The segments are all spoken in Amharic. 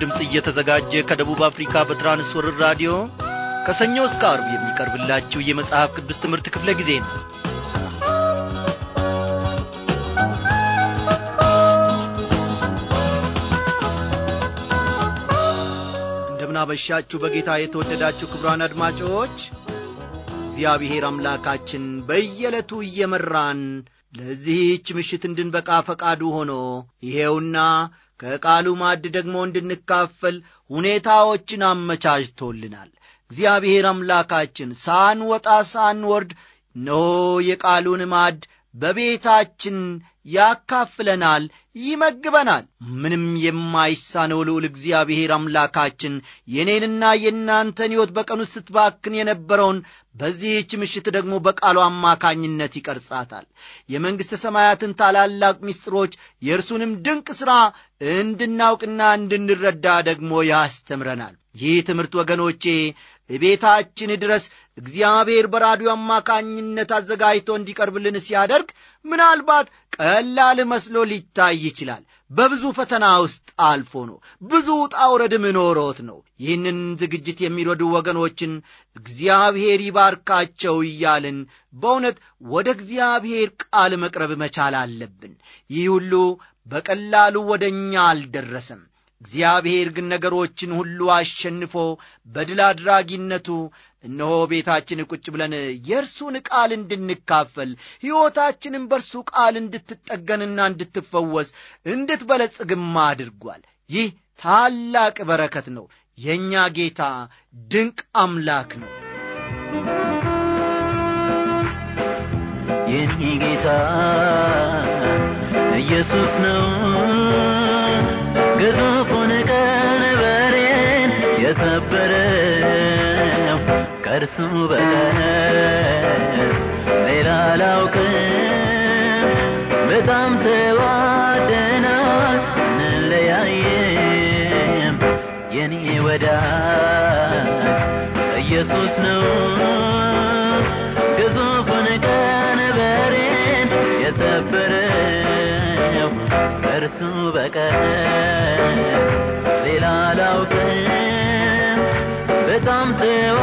ድምፅ እየተዘጋጀ ከደቡብ አፍሪካ በትራንስወርር ራዲዮ ከሰኞ እስከ አርብ የሚቀርብላችሁ የመጽሐፍ ቅዱስ ትምህርት ክፍለ ጊዜ ነው እንደምናመሻችሁ በጌታ የተወደዳችሁ ክብሯን አድማጮች እግዚአብሔር አምላካችን በየዕለቱ እየመራን ለዚህች ምሽት እንድንበቃ ፈቃዱ ሆኖ ይሄውና ከቃሉ ማዕድ ደግሞ እንድንካፈል ሁኔታዎችን አመቻችቶልናል። እግዚአብሔር አምላካችን ሳንወጣ ሳንወርድ ኖ የቃሉን ማዕድ በቤታችን ያካፍለናል፣ ይመግበናል። ምንም የማይሳነው ልዑል እግዚአብሔር አምላካችን የእኔንና የእናንተን ሕይወት በቀኑ ስትባክን የነበረውን በዚህች ምሽት ደግሞ በቃሉ አማካኝነት ይቀርጻታል። የመንግሥተ ሰማያትን ታላላቅ ምስጢሮች የእርሱንም ድንቅ ሥራ እንድናውቅና እንድንረዳ ደግሞ ያስተምረናል። ይህ ትምህርት ወገኖቼ እቤታችን ድረስ እግዚአብሔር በራዲዮ አማካኝነት አዘጋጅቶ እንዲቀርብልን ሲያደርግ ምናልባት ቀላል መስሎ ሊታይ ይችላል። በብዙ ፈተና ውስጥ አልፎ ነው። ብዙ ውጣ ውረድም ኖሮት ነው። ይህንን ዝግጅት የሚረዱ ወገኖችን እግዚአብሔር ይባርካቸው እያልን በእውነት ወደ እግዚአብሔር ቃል መቅረብ መቻል አለብን። ይህ ሁሉ በቀላሉ ወደ እኛ አልደረሰም። እግዚአብሔር ግን ነገሮችን ሁሉ አሸንፎ በድል አድራጊነቱ እነሆ ቤታችን ቁጭ ብለን የእርሱን ቃል እንድንካፈል ሕይወታችንም በእርሱ ቃል እንድትጠገንና እንድትፈወስ እንድትበለጽግማ አድርጓል። ይህ ታላቅ በረከት ነው። የእኛ ጌታ ድንቅ አምላክ ነው። የእኔ ጌታ ኢየሱስ ነው። ግዙፉን ቀንበሬን የሰበረው ከእርሱ በቀር ሌላ አላውቅም። በጣም ተዋደናል፣ እንለያየም የኔ ወዳ ኢየሱስ ነው ግዙፍ በቀር ሌላ አላውቅም በጣም ትዋ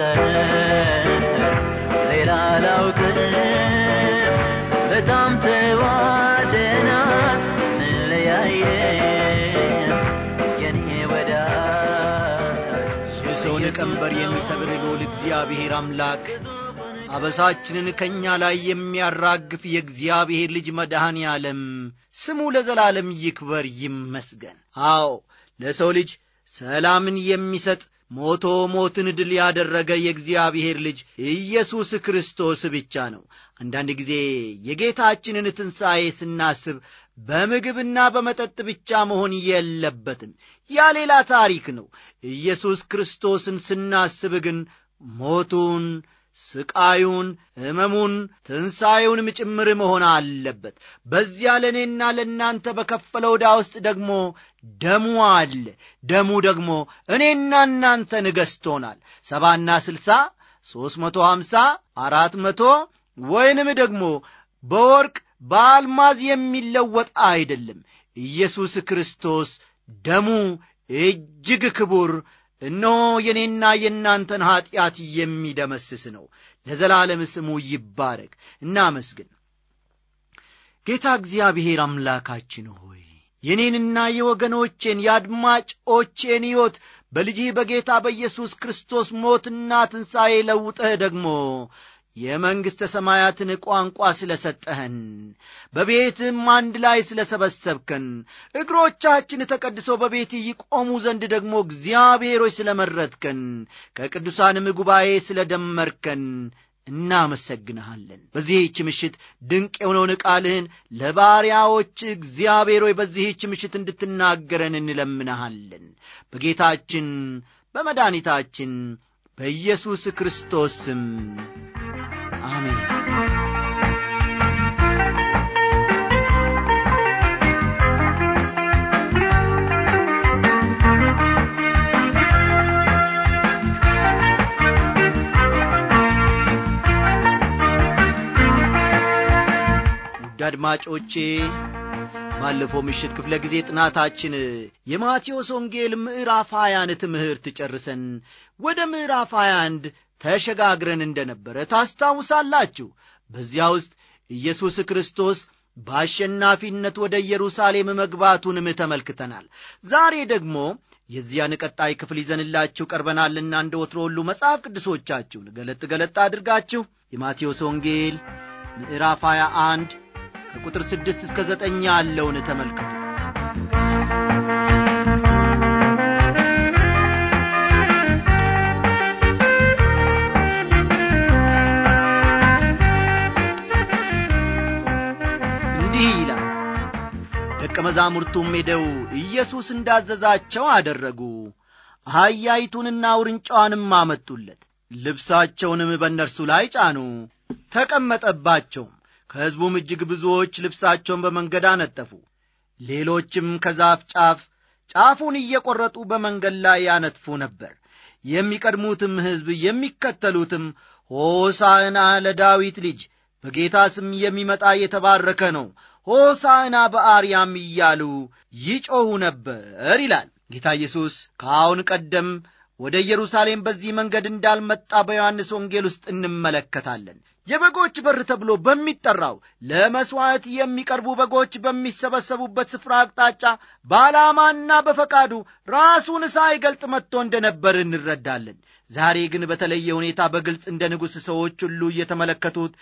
በቀር ሌላ በጣም ተዋደና የኔ የሰውን ቀንበር የሚሰብር ልዑል እግዚአብሔር አምላክ አበሳችንን ከእኛ ላይ የሚያራግፍ የእግዚአብሔር ልጅ መድኃኔ ያለም ስሙ ለዘላለም ይክበር ይመስገን አዎ ለሰው ልጅ ሰላምን የሚሰጥ ሞቶ ሞትን ድል ያደረገ የእግዚአብሔር ልጅ ኢየሱስ ክርስቶስ ብቻ ነው። አንዳንድ ጊዜ የጌታችንን ትንሣኤ ስናስብ በምግብና በመጠጥ ብቻ መሆን የለበትም። ያ ሌላ ታሪክ ነው። ኢየሱስ ክርስቶስን ስናስብ ግን ሞቱን ስቃዩን፣ ሕመሙን፣ ትንሣኤውንም ጭምር መሆን አለበት። በዚያ ለእኔና ለእናንተ በከፈለው ዕዳ ውስጥ ደግሞ ደሙ አለ። ደሙ ደግሞ እኔና እናንተ ንገሥቶናል። ሰባና ስልሳ ሦስት መቶ ሀምሳ አራት መቶ ወይንም ደግሞ በወርቅ በአልማዝ የሚለወጥ አይደለም። ኢየሱስ ክርስቶስ ደሙ እጅግ ክቡር እነሆ የኔና የእናንተን ኀጢአት የሚደመስስ ነው። ለዘላለም ስሙ ይባረክ። እናመስግን። ጌታ እግዚአብሔር አምላካችን ሆይ የኔንና የወገኖቼን የአድማጮቼን ሕይወት በልጅህ በጌታ በኢየሱስ ክርስቶስ ሞትና ትንሣኤ ለውጠህ ደግሞ የመንግሥተ ሰማያትን ቋንቋ ስለ ሰጠህን፣ በቤትም አንድ ላይ ስለ ሰበሰብከን፣ እግሮቻችን ተቀድሰው በቤት ይቆሙ ዘንድ ደግሞ እግዚአብሔሮች ስለ መረጥከን፣ ከቅዱሳንም ጉባኤ ስለ ደመርከን እናመሰግንሃለን። በዚህች ምሽት ድንቅ የሆነውን ቃልህን ለባሪያዎች እግዚአብሔር ሆይ በዚህች ምሽት እንድትናገረን እንለምንሃለን። በጌታችን በመድኃኒታችን በኢየሱስ ክርስቶስ ስም አሜን። አድማጮቼ ባለፈው ምሽት ክፍለ ጊዜ ጥናታችን የማቴዎስ ወንጌል ምዕራፍ ሀያን ትምህርት ጨርሰን ወደ ምዕራፍ 21 ተሸጋግረን እንደነበረ ታስታውሳላችሁ። በዚያ ውስጥ ኢየሱስ ክርስቶስ በአሸናፊነት ወደ ኢየሩሳሌም መግባቱንም ተመልክተናል። ዛሬ ደግሞ የዚያን ቀጣይ ክፍል ይዘንላችሁ ቀርበናልና እንደ ወትሮ ሁሉ መጽሐፍ ቅዱሶቻችሁን ገለጥ ገለጥ አድርጋችሁ የማቴዎስ ወንጌል ምዕራፍ 21 ከቁጥር 6 እስከ 9 ያለውን ተመልከቱ። መዛሙርቱም ሄደው ኢየሱስ እንዳዘዛቸው አደረጉ። አህያይቱንና ውርንጫዋንም አመጡለት። ልብሳቸውንም በእነርሱ ላይ ጫኑ፣ ተቀመጠባቸውም። ከሕዝቡም እጅግ ብዙዎች ልብሳቸውን በመንገድ አነጠፉ። ሌሎችም ከዛፍ ጫፍ ጫፉን እየቈረጡ በመንገድ ላይ ያነጥፉ ነበር። የሚቀድሙትም ሕዝብ የሚከተሉትም ሆሳዕና ለዳዊት ልጅ በጌታ ስም የሚመጣ የተባረከ ነው ሆሳዕና በአርያም እያሉ ይጮኹ ነበር ይላል። ጌታ ኢየሱስ ከአሁን ቀደም ወደ ኢየሩሳሌም በዚህ መንገድ እንዳልመጣ በዮሐንስ ወንጌል ውስጥ እንመለከታለን። የበጎች በር ተብሎ በሚጠራው ለመሥዋዕት የሚቀርቡ በጎች በሚሰበሰቡበት ስፍራ አቅጣጫ በዓላማና በፈቃዱ ራሱን ሳይገልጥ መጥቶ እንደነበር እንረዳለን። ዛሬ ግን በተለየ ሁኔታ በግልጽ እንደ ንጉሥ ሰዎች ሁሉ እየተመለከቱት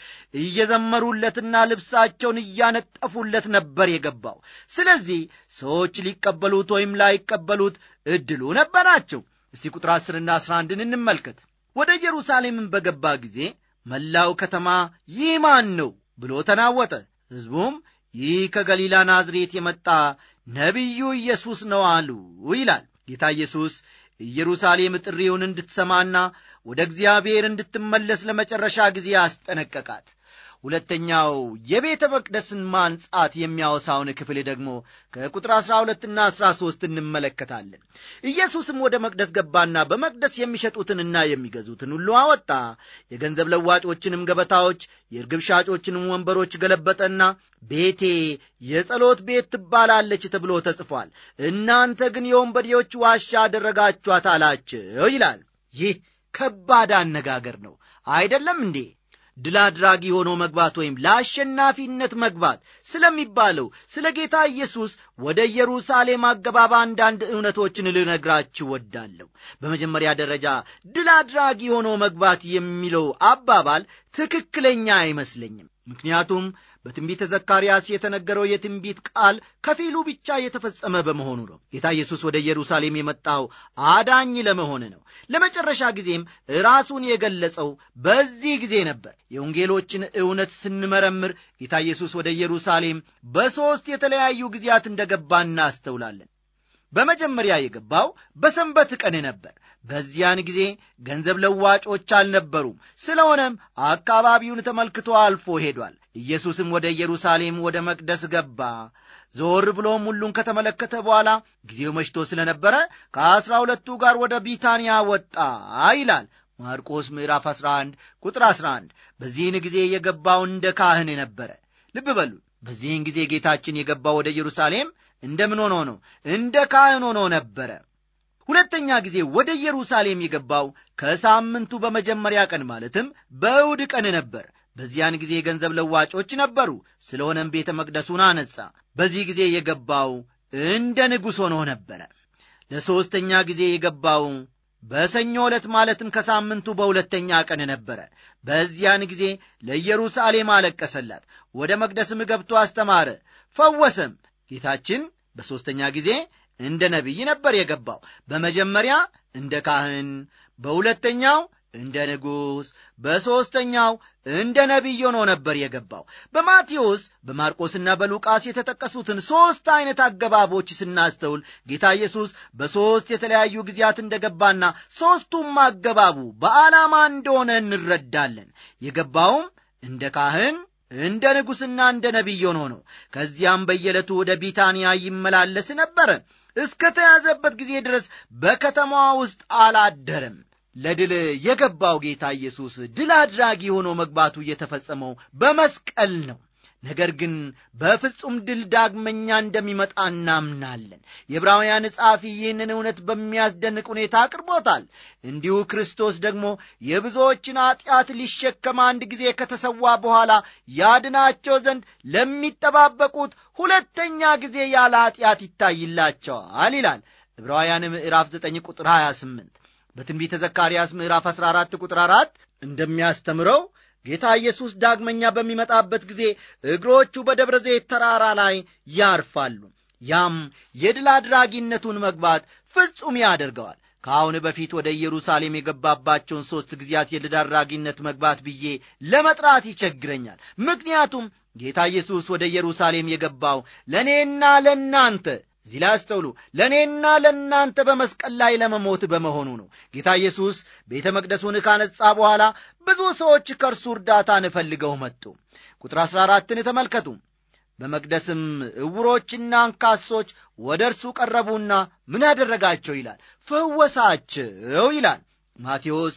እየዘመሩለትና ልብሳቸውን እያነጠፉለት ነበር የገባው። ስለዚህ ሰዎች ሊቀበሉት ወይም ላይቀበሉት እድሉ ነበራቸው። እስቲ ቁጥር ዐሥርና ዐሥራ አንድን እንመልከት። ወደ ኢየሩሳሌምን በገባ ጊዜ መላው ከተማ ይህ ማን ነው ብሎ ተናወጠ። ሕዝቡም ይህ ከገሊላ ናዝሬት የመጣ ነቢዩ ኢየሱስ ነው አሉ ይላል ጌታ ኢየሱስ ኢየሩሳሌም ጥሪውን እንድትሰማና ወደ እግዚአብሔር እንድትመለስ ለመጨረሻ ጊዜ አስጠነቀቃት ሁለተኛው የቤተ መቅደስን ማንጻት የሚያወሳውን ክፍል ደግሞ ከቁጥር 12ና 13 እንመለከታለን። ኢየሱስም ወደ መቅደስ ገባና በመቅደስ የሚሸጡትንና የሚገዙትን ሁሉ አወጣ። የገንዘብ ለዋጮችንም ገበታዎች፣ የርግብ ሻጮችንም ወንበሮች ገለበጠና ቤቴ የጸሎት ቤት ትባላለች ተብሎ ተጽፏል፣ እናንተ ግን የወንበዴዎች ዋሻ አደረጋችኋት አላቸው ይላል። ይህ ከባድ አነጋገር ነው አይደለም እንዴ? ድል አድራጊ ሆኖ መግባት ወይም ለአሸናፊነት መግባት ስለሚባለው ስለ ጌታ ኢየሱስ ወደ ኢየሩሳሌም አገባብ አንዳንድ እውነቶችን ልነግራችሁ ወዳለሁ። በመጀመሪያ ደረጃ ድል አድራጊ ሆኖ መግባት የሚለው አባባል ትክክለኛ አይመስለኝም። ምክንያቱም በትንቢተ ዘካርያስ የተነገረው የትንቢት ቃል ከፊሉ ብቻ የተፈጸመ በመሆኑ ነው። ጌታ ኢየሱስ ወደ ኢየሩሳሌም የመጣው አዳኝ ለመሆን ነው። ለመጨረሻ ጊዜም ራሱን የገለጸው በዚህ ጊዜ ነበር። የወንጌሎችን እውነት ስንመረምር ጌታ ኢየሱስ ወደ ኢየሩሳሌም በሦስት የተለያዩ ጊዜያት እንደገባ እናስተውላለን። በመጀመሪያ የገባው በሰንበት ቀን ነበር። በዚያን ጊዜ ገንዘብ ለዋጮች አልነበሩም። ስለሆነም አካባቢውን ተመልክቶ አልፎ ሄዷል። ኢየሱስም ወደ ኢየሩሳሌም ወደ መቅደስ ገባ። ዞር ብሎም ሁሉን ከተመለከተ በኋላ ጊዜው መሽቶ ስለነበረ ከአሥራ ሁለቱ ጋር ወደ ቢታንያ ወጣ ይላል ማርቆስ ምዕራፍ 11 ቁጥር 11። በዚህን ጊዜ የገባው እንደ ካህን ነበረ። ልብ በሉ። በዚህን ጊዜ ጌታችን የገባው ወደ ኢየሩሳሌም እንደምን ሆኖ ነው? እንደ ካህን ሆኖ ነበረ። ሁለተኛ ጊዜ ወደ ኢየሩሳሌም የገባው ከሳምንቱ በመጀመሪያ ቀን ማለትም በእውድ ቀን ነበር። በዚያን ጊዜ የገንዘብ ለዋጮች ነበሩ። ስለሆነም ቤተ መቅደሱን አነጻ። በዚህ ጊዜ የገባው እንደ ንጉሥ ሆኖ ነበረ። ለሦስተኛ ጊዜ የገባው በሰኞ ዕለት ማለትም ከሳምንቱ በሁለተኛ ቀን ነበረ። በዚያን ጊዜ ለኢየሩሳሌም አለቀሰላት። ወደ መቅደስም ገብቶ አስተማረ፣ ፈወሰም። ጌታችን በሦስተኛ ጊዜ እንደ ነቢይ ነበር የገባው። በመጀመሪያ እንደ ካህን፣ በሁለተኛው እንደ ንጉሥ፣ በሦስተኛው እንደ ነቢይ ሆኖ ነበር የገባው። በማቴዎስ በማርቆስና በሉቃስ የተጠቀሱትን ሦስት ዐይነት አገባቦች ስናስተውል ጌታ ኢየሱስ በሦስት የተለያዩ ጊዜያት ገባና ሦስቱም አገባቡ በዓላማ እንደሆነ እንረዳለን። የገባውም እንደ ካህን እንደ ንጉሥና እንደ ነቢይ ሆኖ ነው። ከዚያም በየዕለቱ ወደ ቢታንያ ይመላለስ ነበረ። እስከ ተያዘበት ጊዜ ድረስ በከተማዋ ውስጥ አላደረም። ለድል የገባው ጌታ ኢየሱስ ድል አድራጊ ሆኖ መግባቱ የተፈጸመው በመስቀል ነው። ነገር ግን በፍጹም ድል ዳግመኛ እንደሚመጣ እናምናለን። የዕብራውያን ጸሐፊ ይህንን እውነት በሚያስደንቅ ሁኔታ አቅርቦታል። እንዲሁ ክርስቶስ ደግሞ የብዙዎችን ኀጢአት ሊሸከም አንድ ጊዜ ከተሰዋ በኋላ ያድናቸው ዘንድ ለሚጠባበቁት ሁለተኛ ጊዜ ያለ ኀጢአት ይታይላቸዋል ይላል ዕብራውያን ምዕራፍ 9 ቁጥር 28 በትንቢተ ዘካርያስ ምዕራፍ 14 ቁጥር 4 እንደሚያስተምረው ጌታ ኢየሱስ ዳግመኛ በሚመጣበት ጊዜ እግሮቹ በደብረ ዘይት ተራራ ላይ ያርፋሉ። ያም የድል አድራጊነቱን መግባት ፍጹም ያደርገዋል። ከአሁን በፊት ወደ ኢየሩሳሌም የገባባቸውን ሦስት ጊዜያት የድል አድራጊነት መግባት ብዬ ለመጥራት ይቸግረኛል። ምክንያቱም ጌታ ኢየሱስ ወደ ኢየሩሳሌም የገባው ለእኔና ለእናንተ እዚህ ላይ አስተውሉ። ለእኔና ለእናንተ በመስቀል ላይ ለመሞት በመሆኑ ነው። ጌታ ኢየሱስ ቤተ መቅደሱን ካነጻ በኋላ ብዙ ሰዎች ከእርሱ እርዳታ ፈልገው መጡ። ቁጥር 14ን ተመልከቱ። በመቅደስም ዕውሮችና አንካሶች ወደ እርሱ ቀረቡና ምን አደረጋቸው ይላል? ፈወሳቸው ይላል ማቴዎስ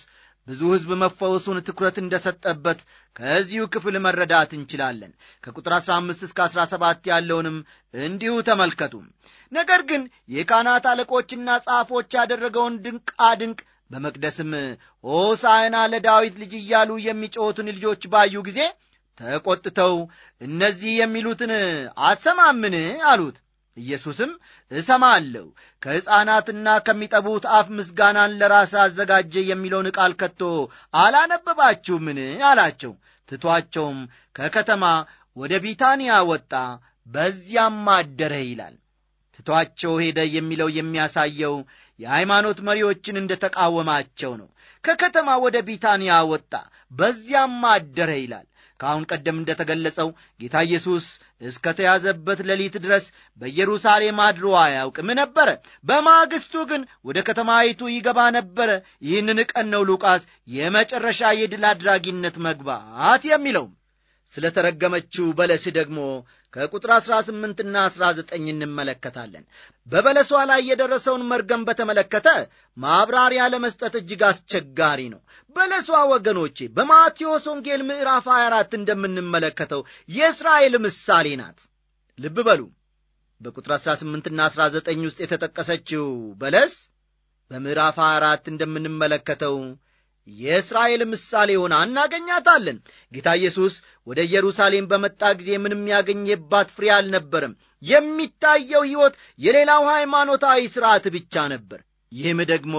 ብዙ ሕዝብ መፈወሱን ትኩረት እንደሰጠበት ከዚሁ ክፍል መረዳት እንችላለን። ከቁጥር 15 እስከ 17 ያለውንም እንዲሁ ተመልከቱ። ነገር ግን የካህናት አለቆችና ጻፎች ያደረገውን ድንቃ ድንቅ በመቅደስም ሆሳዕና ለዳዊት ልጅ እያሉ የሚጮኹትን ልጆች ባዩ ጊዜ ተቈጥተው እነዚህ የሚሉትን አትሰማምን አሉት። ኢየሱስም እሰማለሁ ከሕፃናትና ከሚጠቡት አፍ ምስጋናን ለራስ አዘጋጀ የሚለውን ቃል ከቶ አላነበባችሁምን አላቸው ትቷቸውም ከከተማ ወደ ቢታንያ ወጣ በዚያም አደረ ይላል ትቷቸው ሄደ የሚለው የሚያሳየው የሃይማኖት መሪዎችን እንደ ተቃወማቸው ነው ከከተማ ወደ ቢታንያ ወጣ በዚያም አደረ ይላል ከአሁን ቀደም እንደተገለጸው ጌታ ኢየሱስ እስከ ተያዘበት ሌሊት ድረስ በኢየሩሳሌም አድሮ አያውቅም ነበረ። በማግስቱ ግን ወደ ከተማይቱ ይገባ ነበረ። ይህንን ቀን ነው ሉቃስ የመጨረሻ የድል አድራጊነት መግባት የሚለውም ስለ ተረገመችው በለስ ደግሞ ከቁጥር 18ና 19 እንመለከታለን። በበለሷ ላይ የደረሰውን መርገም በተመለከተ ማብራሪያ ለመስጠት እጅግ አስቸጋሪ ነው። በለሷ ወገኖቼ በማቴዎስ ወንጌል ምዕራፍ 24 እንደምንመለከተው የእስራኤል ምሳሌ ናት። ልብ በሉ በቁጥር 18ና 19 ውስጥ የተጠቀሰችው በለስ በምዕራፍ 24 እንደምንመለከተው የእስራኤል ምሳሌ ሆና እናገኛታለን። ጌታ ኢየሱስ ወደ ኢየሩሳሌም በመጣ ጊዜ ምንም ያገኘባት ፍሬ አልነበረም። የሚታየው ሕይወት የሌላው ሃይማኖታዊ ሥርዓት ብቻ ነበር። ይህም ደግሞ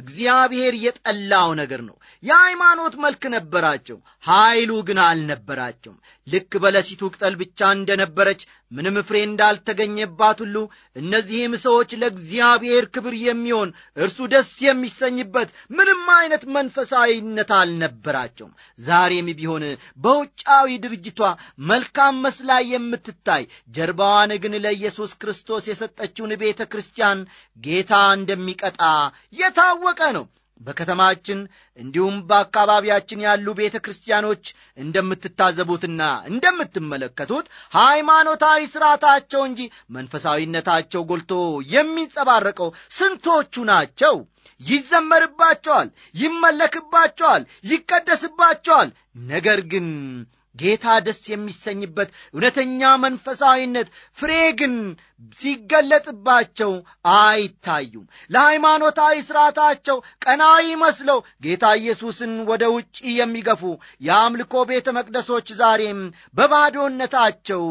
እግዚአብሔር የጠላው ነገር ነው። የሃይማኖት መልክ ነበራቸው፣ ኃይሉ ግን አልነበራቸውም። ልክ በለሲቱ ቅጠል ብቻ እንደነበረች ምንም ፍሬ እንዳልተገኘባት ሁሉ እነዚህም ሰዎች ለእግዚአብሔር ክብር የሚሆን እርሱ ደስ የሚሰኝበት ምንም አይነት መንፈሳዊነት አልነበራቸውም። ዛሬም ቢሆን በውጫዊ ድርጅቷ መልካም መስላ የምትታይ ጀርባዋን ግን ለኢየሱስ ክርስቶስ የሰጠችውን ቤተ ክርስቲያን ጌታ እንደሚቀጣ የታወቀ ነው። በከተማችን እንዲሁም በአካባቢያችን ያሉ ቤተ ክርስቲያኖች እንደምትታዘቡትና እንደምትመለከቱት ሃይማኖታዊ ሥርዓታቸው እንጂ መንፈሳዊነታቸው ጎልቶ የሚንጸባረቀው ስንቶቹ ናቸው? ይዘመርባቸዋል፣ ይመለክባቸዋል፣ ይቀደስባቸዋል። ነገር ግን ጌታ ደስ የሚሰኝበት እውነተኛ መንፈሳዊነት ፍሬ ግን ሲገለጥባቸው አይታዩም። ለሃይማኖታዊ ሥርዓታቸው ቀና መስለው ጌታ ኢየሱስን ወደ ውጭ የሚገፉ የአምልኮ ቤተ መቅደሶች ዛሬም በባዶነታቸው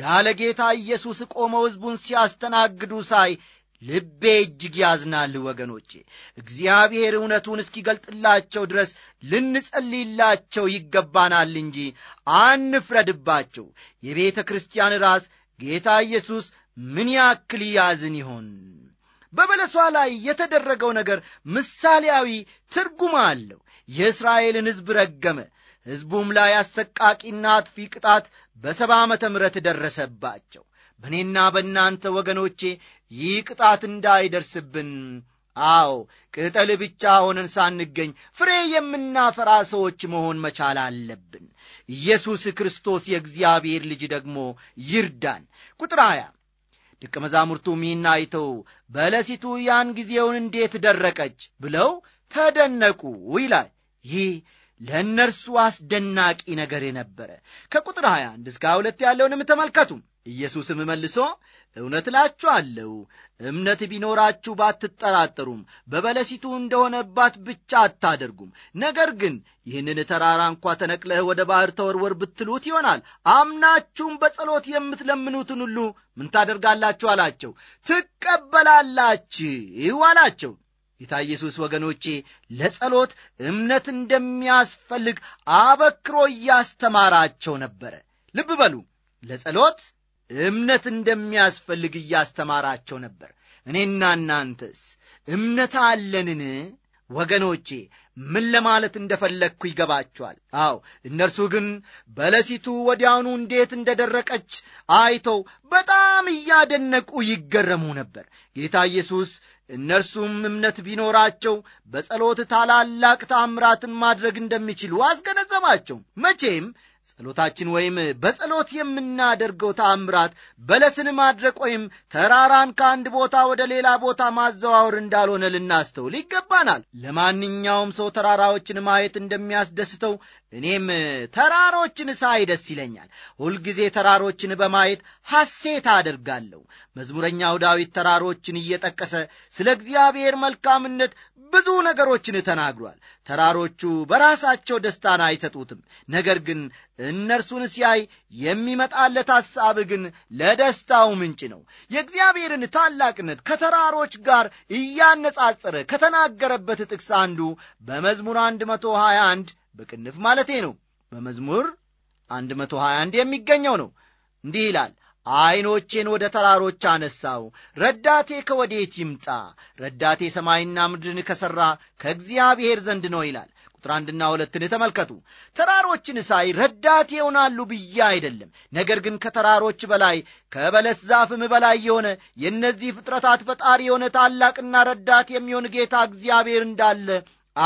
ያለ ጌታ ኢየሱስ ቆመው ሕዝቡን ሲያስተናግዱ ሳይ ልቤ እጅግ ያዝናል። ወገኖቼ እግዚአብሔር እውነቱን እስኪገልጥላቸው ድረስ ልንጸልይላቸው ይገባናል እንጂ አንፍረድባቸው። የቤተ ክርስቲያን ራስ ጌታ ኢየሱስ ምን ያክል ያዝን ይሆን? በበለሷ ላይ የተደረገው ነገር ምሳሌያዊ ትርጉም አለው። የእስራኤልን ሕዝብ ረገመ። ሕዝቡም ላይ አሰቃቂና አጥፊ ቅጣት በሰባ ዓመተ ምረት ደረሰባቸው። በእኔና በእናንተ ወገኖቼ ይህ ቅጣት እንዳይደርስብን አዎ ቅጠል ብቻ ሆነን ሳንገኝ ፍሬ የምናፈራ ሰዎች መሆን መቻል አለብን። ኢየሱስ ክርስቶስ የእግዚአብሔር ልጅ ደግሞ ይርዳን። ቁጥር ሃያ ደቀ መዛሙርቱ ሚና አይተው በለሲቱ ያን ጊዜውን እንዴት ደረቀች ብለው ተደነቁ ይላል። ይህ ለእነርሱ አስደናቂ ነገር የነበረ ከቁጥር 21 እስከ 22 ያለውንም ተመልከቱ። ኢየሱስም መልሶ እውነት እላችኋለሁ እምነት ቢኖራችሁ ባትጠራጠሩም በበለሲቱ እንደሆነባት ብቻ አታደርጉም። ነገር ግን ይህንን ተራራ እንኳ ተነቅለህ ወደ ባሕር ተወርወር ብትሉት ይሆናል። አምናችሁም በጸሎት የምትለምኑትን ሁሉ ምን ታደርጋላችሁ? አላቸው። ትቀበላላችሁ አላቸው። ጌታ ኢየሱስ ወገኖቼ ለጸሎት እምነት እንደሚያስፈልግ አበክሮ እያስተማራቸው ነበረ። ልብ በሉ፣ ለጸሎት እምነት እንደሚያስፈልግ እያስተማራቸው ነበር። እኔና እናንተስ እምነት አለንን? ወገኖቼ ምን ለማለት እንደፈለግኩ ይገባቸዋል። አዎ እነርሱ ግን በለሲቱ ወዲያውኑ እንዴት እንደደረቀች አይተው በጣም እያደነቁ ይገረሙ ነበር። ጌታ ኢየሱስ እነርሱም እምነት ቢኖራቸው በጸሎት ታላላቅ ታምራትን ማድረግ እንደሚችሉ አስገነዘባቸው። መቼም ጸሎታችን ወይም በጸሎት የምናደርገው ተአምራት በለስን ማድረቅ ወይም ተራራን ከአንድ ቦታ ወደ ሌላ ቦታ ማዘዋወር እንዳልሆነ ልናስተውል ይገባናል። ለማንኛውም ሰው ተራራዎችን ማየት እንደሚያስደስተው እኔም ተራሮችን ሳይ ደስ ይለኛል። ሁልጊዜ ተራሮችን በማየት ሐሴት አደርጋለሁ። መዝሙረኛው ዳዊት ተራሮችን እየጠቀሰ ስለ እግዚአብሔር መልካምነት ብዙ ነገሮችን ተናግሯል። ተራሮቹ በራሳቸው ደስታን አይሰጡትም። ነገር ግን እነርሱን ሲያይ የሚመጣለት ሐሳብ ግን ለደስታው ምንጭ ነው። የእግዚአብሔርን ታላቅነት ከተራሮች ጋር እያነጻጸረ ከተናገረበት ጥቅስ አንዱ በመዝሙር 121 በቅንፍ ማለቴ ነው በመዝሙር 121 የሚገኘው ነው እንዲህ ይላል ዐይኖቼን ወደ ተራሮች አነሳው ረዳቴ ከወዴት ይምጣ ረዳቴ ሰማይና ምድርን ከሠራ ከእግዚአብሔር ዘንድ ነው ይላል ቁጥር አንድና ሁለትን ተመልከቱ ተራሮችን ሳይ ረዳቴ ይሆናሉ ብዬ አይደለም ነገር ግን ከተራሮች በላይ ከበለስ ዛፍም በላይ የሆነ የእነዚህ ፍጥረታት ፈጣሪ የሆነ ታላቅና ረዳት የሚሆን ጌታ እግዚአብሔር እንዳለ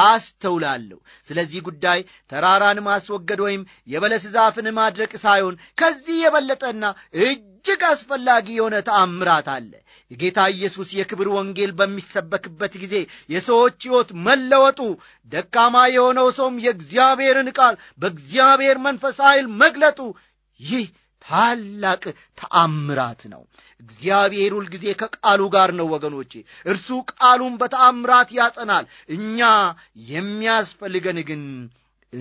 አስተውላለሁ። ስለዚህ ጉዳይ ተራራን ማስወገድ ወይም የበለስ ዛፍን ማድረቅ ሳይሆን ከዚህ የበለጠና እጅግ አስፈላጊ የሆነ ተአምራት አለ። የጌታ ኢየሱስ የክብር ወንጌል በሚሰበክበት ጊዜ የሰዎች ሕይወት መለወጡ፣ ደካማ የሆነው ሰውም የእግዚአብሔርን ቃል በእግዚአብሔር መንፈስ ኃይል መግለጡ ይህ ታላቅ ተአምራት ነው። እግዚአብሔር ሁልጊዜ ከቃሉ ጋር ነው ወገኖቼ። እርሱ ቃሉን በተአምራት ያጸናል። እኛ የሚያስፈልገን ግን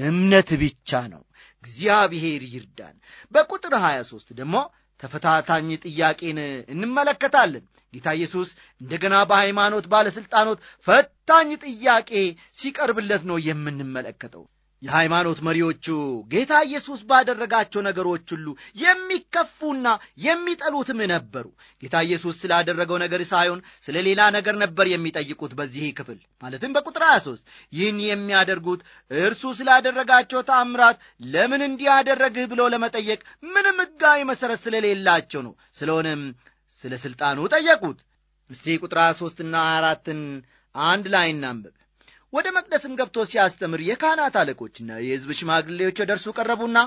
እምነት ብቻ ነው። እግዚአብሔር ይርዳን። በቁጥር 23 ደግሞ ተፈታታኝ ጥያቄን እንመለከታለን። ጌታ ኢየሱስ እንደገና በሃይማኖት ባለሥልጣኖት ፈታኝ ጥያቄ ሲቀርብለት ነው የምንመለከተው። የሃይማኖት መሪዎቹ ጌታ ኢየሱስ ባደረጋቸው ነገሮች ሁሉ የሚከፉና የሚጠሉትም ነበሩ። ጌታ ኢየሱስ ስላደረገው ነገር ሳይሆን ስለ ሌላ ነገር ነበር የሚጠይቁት። በዚህ ክፍል ማለትም በቁጥር 23 ይህን የሚያደርጉት እርሱ ስላደረጋቸው ታምራት ለምን እንዲያደረግህ አደረግህ ብሎ ለመጠየቅ ምንም ሕጋዊ መሠረት ስለሌላቸው ነው። ስለሆነም ስለ ሥልጣኑ ጠየቁት። እስቲ ቁጥር 3ና 4ን አንድ ላይ እናንብብ። ወደ መቅደስም ገብቶ ሲያስተምር የካህናት አለቆችና የሕዝብ ሽማግሌዎች ወደ እርሱ ቀረቡና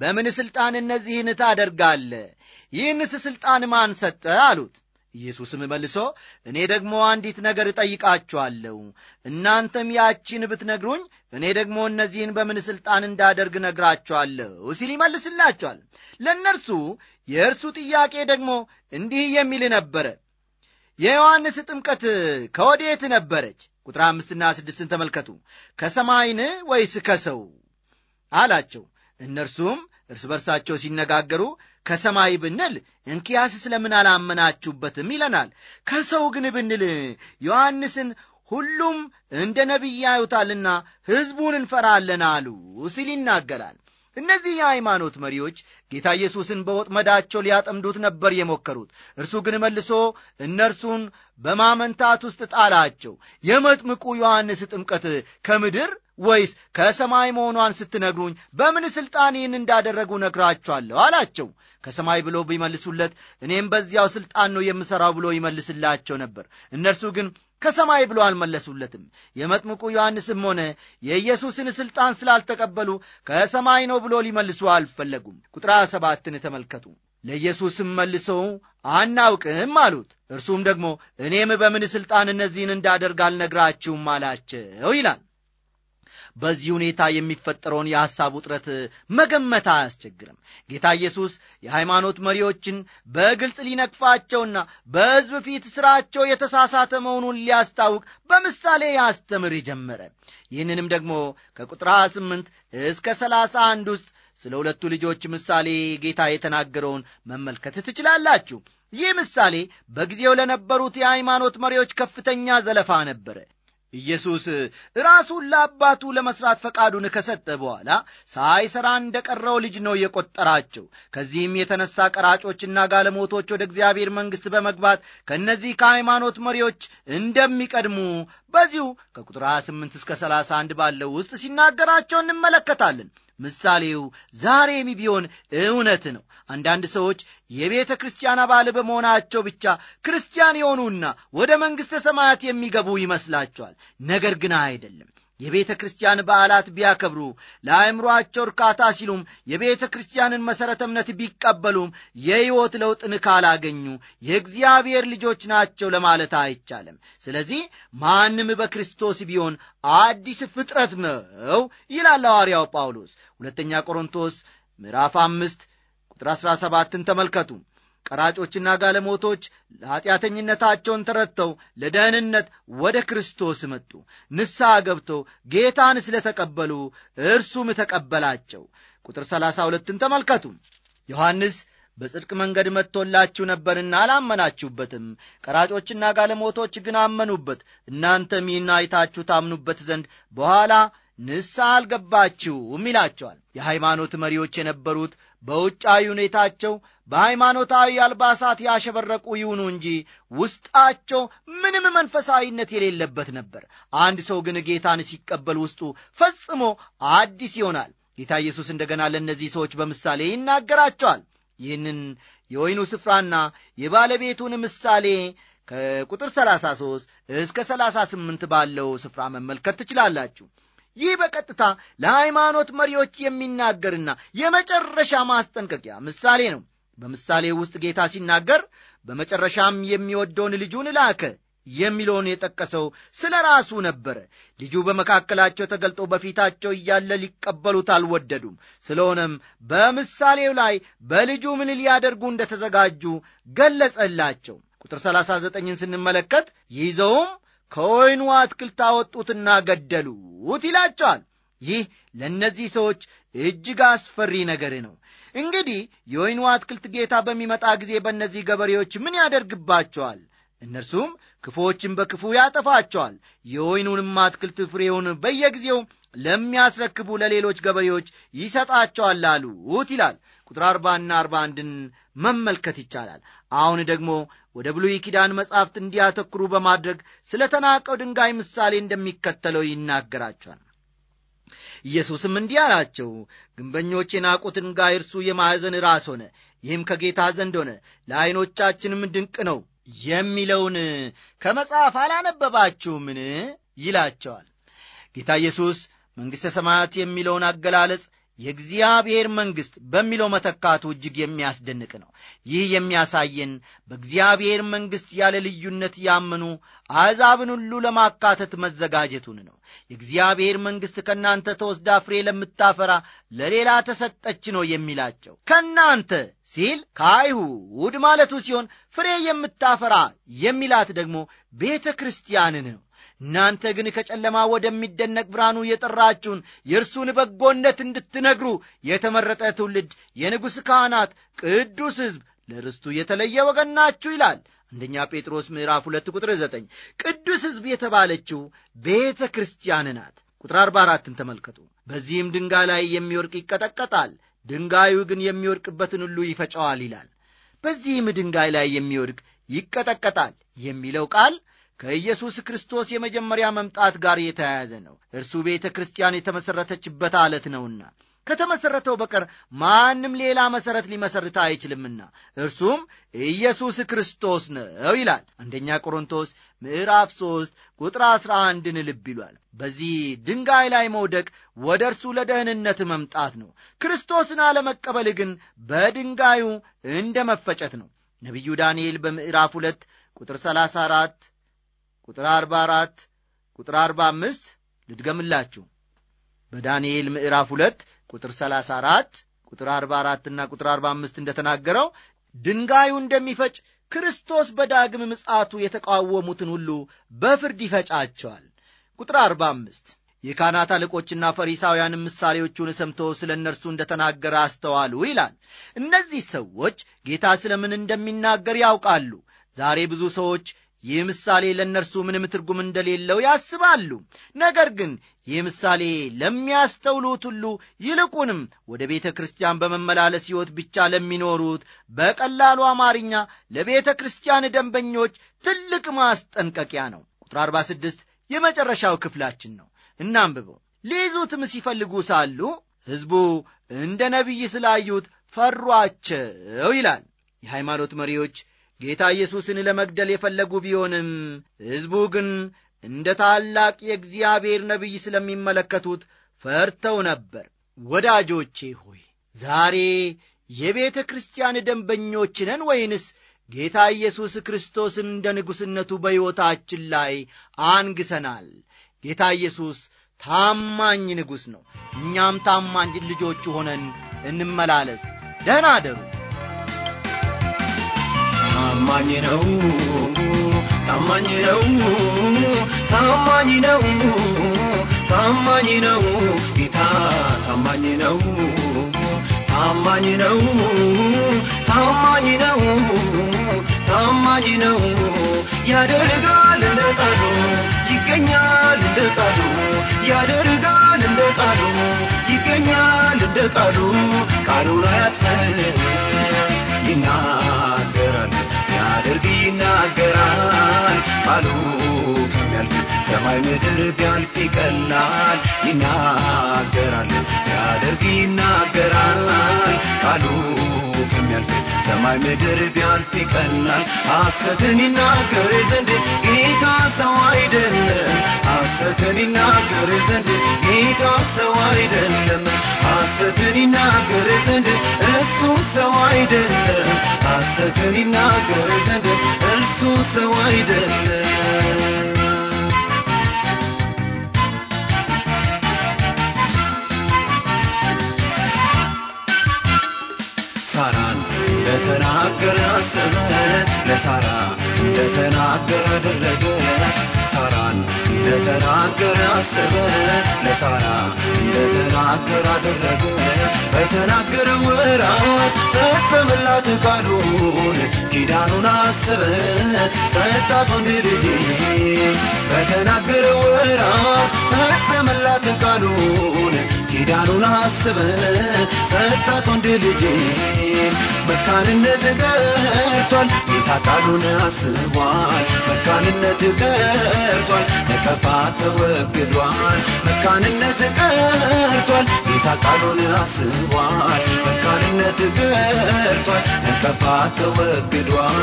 በምን ሥልጣን እነዚህን ታደርጋለ? ይህንስ ሥልጣን ማን ሰጠ? አሉት። ኢየሱስም መልሶ እኔ ደግሞ አንዲት ነገር እጠይቃችኋለሁ፣ እናንተም ያቺን ብትነግሩኝ እኔ ደግሞ እነዚህን በምን ሥልጣን እንዳደርግ ነግራችኋለሁ ሲል ይመልስላቸዋል። ለእነርሱ የእርሱ ጥያቄ ደግሞ እንዲህ የሚል ነበረ። የዮሐንስ ጥምቀት ከወዴት ነበረች? ቁጥር አምስትና ስድስትን ተመልከቱ። ከሰማይን ወይስ ከሰው አላቸው። እነርሱም እርስ በርሳቸው ሲነጋገሩ ከሰማይ ብንል እንኪያስ ስለምን አላመናችሁበትም ይለናል። ከሰው ግን ብንል ዮሐንስን ሁሉም እንደ ነቢይ ያዩታልና ሕዝቡን እንፈራለን አሉ ሲል ይናገራል። እነዚህ የሃይማኖት መሪዎች ጌታ ኢየሱስን በወጥመዳቸው ሊያጠምዱት ነበር የሞከሩት። እርሱ ግን መልሶ እነርሱን በማመንታት ውስጥ ጣላቸው። የመጥምቁ ዮሐንስ ጥምቀት ከምድር ወይስ ከሰማይ መሆኗን ስትነግሩኝ በምን ሥልጣን ይህን እንዳደረጉ ነግራችኋለሁ አላቸው። ከሰማይ ብሎ ቢመልሱለት እኔም በዚያው ሥልጣን ነው የምሠራው ብሎ ይመልስላቸው ነበር። እነርሱ ግን ከሰማይ ብሎ አልመለሱለትም። የመጥምቁ ዮሐንስም ሆነ የኢየሱስን ሥልጣን ስላልተቀበሉ ከሰማይ ነው ብሎ ሊመልሱ አልፈለጉም። ቁጥራ ሰባትን ተመልከቱ። ለኢየሱስም መልሰው አናውቅም አሉት። እርሱም ደግሞ እኔም በምን ሥልጣን እነዚህን እንዳደርግ አልነግራችሁም አላቸው ይላል። በዚህ ሁኔታ የሚፈጠረውን የሐሳብ ውጥረት መገመት አያስቸግርም። ጌታ ኢየሱስ የሃይማኖት መሪዎችን በግልጽ ሊነቅፋቸውና በሕዝብ ፊት ሥራቸው የተሳሳተ መሆኑን ሊያስታውቅ በምሳሌ ያስተምር ጀመረ። ይህንንም ደግሞ ከቁጥር 28 እስከ 31 ውስጥ ስለ ሁለቱ ልጆች ምሳሌ ጌታ የተናገረውን መመልከት ትችላላችሁ። ይህ ምሳሌ በጊዜው ለነበሩት የሃይማኖት መሪዎች ከፍተኛ ዘለፋ ነበረ። ኢየሱስ ራሱን ለአባቱ ለመሥራት ፈቃዱን ከሰጠ በኋላ ሳይሠራ እንደ ቀረው ልጅ ነው የቆጠራቸው። ከዚህም የተነሳ ቀራጮችና ጋለሞቶች ወደ እግዚአብሔር መንግሥት በመግባት ከእነዚህ ከሃይማኖት መሪዎች እንደሚቀድሙ በዚሁ ከቁጥር 28 እስከ 31 ባለው ውስጥ ሲናገራቸው እንመለከታለን። ምሳሌው ዛሬም ቢሆን እውነት ነው። አንዳንድ ሰዎች የቤተ ክርስቲያን አባል በመሆናቸው ብቻ ክርስቲያን የሆኑና ወደ መንግሥተ ሰማያት የሚገቡ ይመስላቸዋል። ነገር ግን አይደለም። የቤተ ክርስቲያን በዓላት ቢያከብሩ ለአእምሮአቸው እርካታ ሲሉም የቤተ ክርስቲያንን መሠረተ እምነት ቢቀበሉም የሕይወት ለውጥን ካላገኙ የእግዚአብሔር ልጆች ናቸው ለማለት አይቻልም። ስለዚህ ማንም በክርስቶስ ቢሆን አዲስ ፍጥረት ነው ይላል ሐዋርያው ጳውሎስ። ሁለተኛ ቆሮንቶስ ምዕራፍ አምስት ቁጥር 17ን ተመልከቱ። ቀራጮችና ጋለሞቶች ለኀጢአተኝነታቸውን ተረድተው ለደህንነት ወደ ክርስቶስ መጡ። ንስሐ ገብተው ጌታን ስለ ተቀበሉ እርሱም ተቀበላቸው። ቁጥር ሰላሳ ሁለትን ተመልከቱ። ዮሐንስ በጽድቅ መንገድ መጥቶላችሁ ነበርና አላመናችሁበትም፣ ቀራጮችና ጋለሞቶች ግን አመኑበት። እናንተም ይህን አይታችሁ ታምኑበት ዘንድ በኋላ ንስሐ አልገባችሁም ይላቸዋል። የሃይማኖት መሪዎች የነበሩት በውጫዊ ሁኔታቸው በሃይማኖታዊ አልባሳት ያሸበረቁ ይሁኑ እንጂ ውስጣቸው ምንም መንፈሳዊነት የሌለበት ነበር። አንድ ሰው ግን ጌታን ሲቀበል ውስጡ ፈጽሞ አዲስ ይሆናል። ጌታ ኢየሱስ እንደገና ለእነዚህ ሰዎች በምሳሌ ይናገራቸዋል። ይህንን የወይኑ ስፍራና የባለቤቱን ምሳሌ ከቁጥር 33 እስከ 38 ባለው ስፍራ መመልከት ትችላላችሁ። ይህ በቀጥታ ለሃይማኖት መሪዎች የሚናገርና የመጨረሻ ማስጠንቀቂያ ምሳሌ ነው። በምሳሌ ውስጥ ጌታ ሲናገር በመጨረሻም የሚወደውን ልጁን ላከ የሚለውን የጠቀሰው ስለ ራሱ ነበረ። ልጁ በመካከላቸው ተገልጦ በፊታቸው እያለ ሊቀበሉት አልወደዱም። ስለሆነም በምሳሌው ላይ በልጁ ምን ሊያደርጉ እንደተዘጋጁ ገለጸላቸው። ቁጥር 39ን ስንመለከት ይዘውም ከወይኑ አትክልት አወጡትና ገደሉት ይላቸዋል። ይህ ለእነዚህ ሰዎች እጅግ አስፈሪ ነገር ነው። እንግዲህ የወይኑ አትክልት ጌታ በሚመጣ ጊዜ በእነዚህ ገበሬዎች ምን ያደርግባቸዋል? እነርሱም ክፉዎችን በክፉ ያጠፋቸዋል። የወይኑንም አትክልት ፍሬውን በየጊዜው ለሚያስረክቡ ለሌሎች ገበሬዎች ይሰጣቸዋል አሉት ይላል። ቁጥር አርባና አርባ አንድን መመልከት ይቻላል። አሁን ደግሞ ወደ ብሉይ ኪዳን መጻሕፍት እንዲያተኩሩ በማድረግ ስለ ተናቀው ድንጋይ ምሳሌ እንደሚከተለው ይናገራቸዋል። ኢየሱስም እንዲህ አላቸው፣ ግንበኞች የናቁት ድንጋይ እርሱ የማዕዘን ራስ ሆነ፣ ይህም ከጌታ ዘንድ ሆነ፣ ለዐይኖቻችንም ድንቅ ነው የሚለውን ከመጽሐፍ አላነበባችሁምን? ይላቸዋል። ጌታ ኢየሱስ መንግሥተ ሰማያት የሚለውን አገላለጽ የእግዚአብሔር መንግሥት በሚለው መተካቱ እጅግ የሚያስደንቅ ነው። ይህ የሚያሳየን በእግዚአብሔር መንግሥት ያለ ልዩነት ያመኑ አሕዛብን ሁሉ ለማካተት መዘጋጀቱን ነው። የእግዚአብሔር መንግሥት ከእናንተ ተወስዳ ፍሬ ለምታፈራ ለሌላ ተሰጠች ነው የሚላቸው። ከእናንተ ሲል ከአይሁድ ማለቱ ሲሆን ፍሬ የምታፈራ የሚላት ደግሞ ቤተ ክርስቲያንን ነው። እናንተ ግን ከጨለማ ወደሚደነቅ ብርሃኑ የጠራችሁን የእርሱን በጎነት እንድትነግሩ የተመረጠ ትውልድ፣ የንጉሥ ካህናት፣ ቅዱስ ሕዝብ፣ ለርስቱ የተለየ ወገን ናችሁ ይላል አንደኛ ጴጥሮስ ምዕራፍ 2 ቁጥር 9። ቅዱስ ሕዝብ የተባለችው ቤተ ክርስቲያን ናት። ቁጥር 44ን ተመልከቱ። በዚህም ድንጋይ ላይ የሚወድቅ ይቀጠቀጣል፣ ድንጋዩ ግን የሚወድቅበትን ሁሉ ይፈጨዋል ይላል። በዚህም ድንጋይ ላይ የሚወድቅ ይቀጠቀጣል የሚለው ቃል ከኢየሱስ ክርስቶስ የመጀመሪያ መምጣት ጋር የተያያዘ ነው። እርሱ ቤተ ክርስቲያን የተመሠረተችበት አለት ነውና ከተመሠረተው በቀር ማንም ሌላ መሠረት ሊመሠርት አይችልምና እርሱም ኢየሱስ ክርስቶስ ነው ይላል አንደኛ ቆሮንቶስ ምዕራፍ 3 ቁጥር 11ን ልብ ይሏል። በዚህ ድንጋይ ላይ መውደቅ ወደ እርሱ ለደህንነት መምጣት ነው። ክርስቶስን አለመቀበል ግን በድንጋዩ እንደ መፈጨት ነው። ነቢዩ ዳንኤል በምዕራፍ 2 ቁጥር 34 ቁጥር አርባ አራት ቁጥር አርባ አምስት ልድገምላችሁ በዳንኤል ምዕራፍ ሁለት ቁጥር ሰላሳ አራት ቁጥር አርባ አራትና ቁጥር አርባ አምስት እንደተናገረው ድንጋዩ እንደሚፈጭ ክርስቶስ በዳግም ምጻቱ የተቃወሙትን ሁሉ በፍርድ ይፈጫቸዋል። ቁጥር አርባ አምስት የካህናት አለቆችና ፈሪሳውያን ምሳሌዎቹን ሰምቶ ስለ እነርሱ እንደተናገረ አስተዋሉ ይላል። እነዚህ ሰዎች ጌታ ስለምን እንደሚናገር ያውቃሉ። ዛሬ ብዙ ሰዎች ይህ ምሳሌ ለእነርሱ ምንም ትርጉም እንደሌለው ያስባሉ። ነገር ግን ይህ ምሳሌ ለሚያስተውሉት ሁሉ ይልቁንም ወደ ቤተ ክርስቲያን በመመላለስ ሕይወት ብቻ ለሚኖሩት በቀላሉ አማርኛ ለቤተ ክርስቲያን ደንበኞች ትልቅ ማስጠንቀቂያ ነው። ቁጥር 46 የመጨረሻው ክፍላችን ነው። እናንብበው። ሊይዙትም ሲፈልጉ ሳሉ ሕዝቡ እንደ ነቢይ ስላዩት ፈሯቸው ይላል። የሃይማኖት መሪዎች ጌታ ኢየሱስን ለመግደል የፈለጉ ቢሆንም ሕዝቡ ግን እንደ ታላቅ የእግዚአብሔር ነቢይ ስለሚመለከቱት ፈርተው ነበር። ወዳጆቼ ሆይ ዛሬ የቤተ ክርስቲያን ደንበኞች ነን ወይንስ ጌታ ኢየሱስ ክርስቶስን እንደ ንጉሥነቱ በሕይወታችን ላይ አንግሰናል? ጌታ ኢየሱስ ታማኝ ንጉሥ ነው። እኛም ታማኝ ልጆቹ ሆነን እንመላለስ። ደህና አደሩ። ታማኝ ነው ታማኝ ነው ታማኝ ነው ታማኝ ነው ጌታ ታማኝ ነው ታማኝ ነው ታማኝ ነው ታማኝ ነው ያደርጋል እንደ ቃሉ ይገኛል እንደ ቃሉ ያደርጋል እንደ ቃሉ ይገኛል እንደ ቃሉ ቃሉን አያጥፈን ይናል አድርግ ይናገራል ቃሉ ከሚያልፍ ሰማይ ምድር ቢያልፍ ይቀላል ይናገራል ያደርግ ይናገራል ቃሉ ከሚያልፍ ሰማይ ምድር ቢያልፍ ይቀላል ሐሰትን ይናገር ዘንድ ጌታ ሰው አይደለም ሐሰትን ይናገር ዘንድ ጌታ ሰው አይደለም ሐሰትን ይናገር ዘንድ እርሱ ሰው አይደለም። ሐሰትን ይናገር ዘንድ እርሱ ሰው አይደለም። ሳራን እንደተናገረ አሰበ ለሳራ እንደተናገረ አደረገ ለሳራን እንደተናገረ አሰበ ለሳራ እንደተናገረ አደረገ በተናገረ ወራት ፈጸመላት ቃሉን ኪዳኑን አሰበ ሰጣት ወንድ ልጅ በተናገረ ወራት ፈጸመላት ቃሉን ኪዳኑን አስበ ሰጣት ወንድ ልጄ መካንነት ቀርቷል ጌታ ቃሉን አስቧል መካንነት ቀርቷል ለከፋት ተወግዷል መካንነት ቀርቷል ጌታ ቃሉን አስቧል መካንነት ቀርቷል ለከፋት ተወግዷል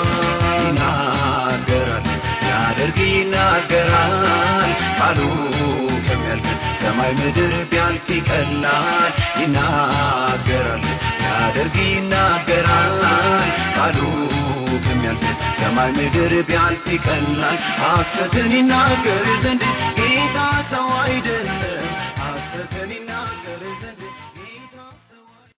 ይናገራል ያደርግ ይናገራል ቃሉን ይቀላል። ሰማይ ምድር ቢያልፍ ይቀላል። ይናገራል ያደርግ ይናገራል ቃሉ ከሚያልፍ ሰማይ ምድር ቢያልፍ ይቀላል። ሐሰትን ይናገር ዘንድ ጌታ ሰው አይደል